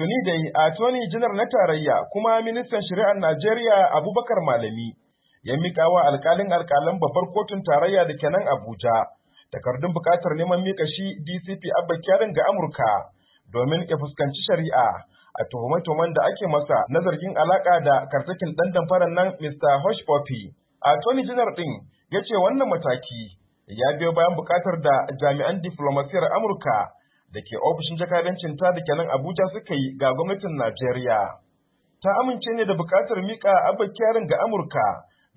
Tuni dai a Tony Janar na tarayya kuma ministan shari'ar Najeriya Abubakar Malami ya mika wa alkalin alkalan babbar kotun tarayya da kenan Abuja takardun buƙatar neman mika shi DCP Abba Kyarin ga Amurka domin ya fuskanci shari'a a tuhume-tuhumen da ake masa na zargin alaƙa da karsakin ɗan damfaran nan Mr. Hush Poppy. Attorney janar ɗin, ya ce wannan mataki ya biyo bayan buƙatar da jami'an diflomasiyar Amurka da ke ofishin jakadancin ta da kenan Abuja suka yi ga gwamnatin Najeriya. Ta amince ne da buƙatar mika abin ga Amurka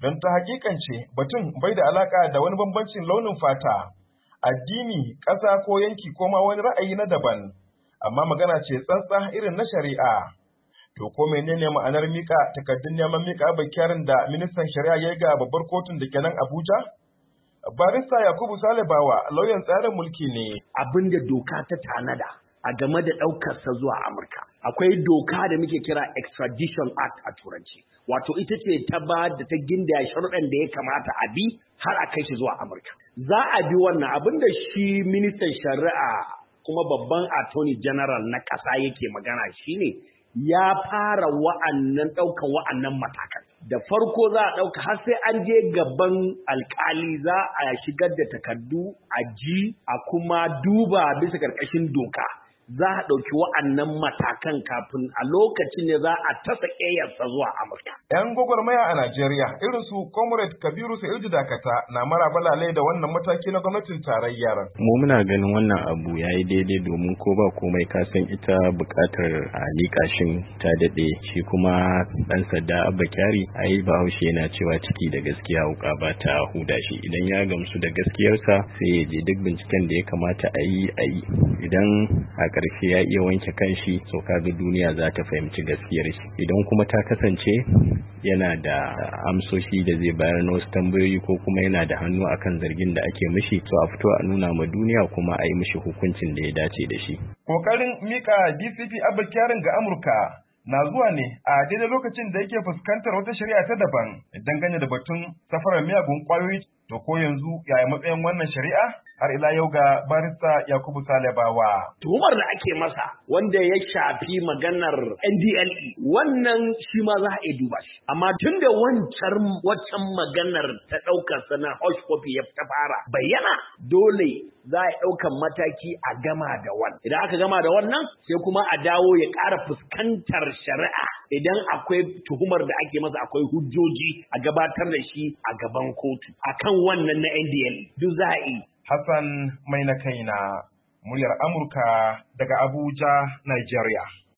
don ta hakikance batun bai da alaƙa da wani bambancin launin fata, addini, ƙasa ko yanki ko ma wani ra'ayi na daban, amma magana ce tsantsa irin na shari'a. To ko menene ma'anar miƙa takardun neman miƙa abin da ministan shari'a ya ga babbar kotun da kenan Abuja? Barista Yakubu Salibawa lauyan tsarin mulki ne. Abinda doka ta tanada a game da ɗaukarsa zuwa Amurka. Akwai doka da muke kira Extradition Act a Turanci. Wato ita ce ta ba da ta ginda sharuɗan da ya kamata a bi har a kai shi zuwa Amurka. Za a bi wannan abin da shi ministan shari'a kuma babban attorney general na ƙasa yake magana shine ya fara wa'annan ɗaukar wa'annan matakan. da farko za a ɗauka har sai an je gaban alkali za a shigar da takardu a ji a kuma duba bisa ƙarƙashin doka za a ɗauki wa'annan matakan kafin a lokacin ne za a tasa ƙeyarsa zuwa Amurka. 'Yan gwagwarmaya a Najeriya irin su Comrade Kabiru Sa'idu Dakata na mara lalai da wannan mataki na gwamnatin tarayyar. Mu muna ganin wannan abu ya yi daidai domin ko ba komai ka san ita buƙatar a likashin ta daɗe shi kuma ɗan sadda Abba Kyari yi Bahaushe yana cewa ciki da gaskiya wuƙa ba ta huda shi idan ya gamsu da gaskiyarsa sai ya je duk binciken da ya kamata a yi a yi idan a Karshe ya iya wanke kanshi so kaga duniya za ta fahimci gaskiyar shi idan kuma ta kasance yana da amsoshi da zai bayar na wasu tambayoyi ko kuma yana da hannu akan zargin da ake mishi to a fito a nuna ma duniya kuma a yi mishi hukuncin da ya dace da shi kokarin mika DCP abu ga Amurka na zuwa ne a daidai lokacin da yake fuskantar wata shari'a ta daban idan ganye da batun safarar miyagun kwayoyi to ko yanzu yaya matsayin wannan shari'a har ila yau ga barista Yakubu Salibawa. Tuhumar da ake masa wanda ya shafi maganar NDLE wannan shi ma za a duba shi. Amma tun da wancan waccan maganar ta ɗaukar sana Hush ya ta fara bayyana dole za a ɗaukan mataki a gama da wannan idan aka gama da wannan sai kuma a dawo ya ƙara fuskantar shari'a idan akwai tuhumar da ake masa akwai hujjoji a gabatar da shi a gaban kotu akan wannan na NDL duk za a yi Hassan mai na kaina muryar Amurka daga Abuja Nigeria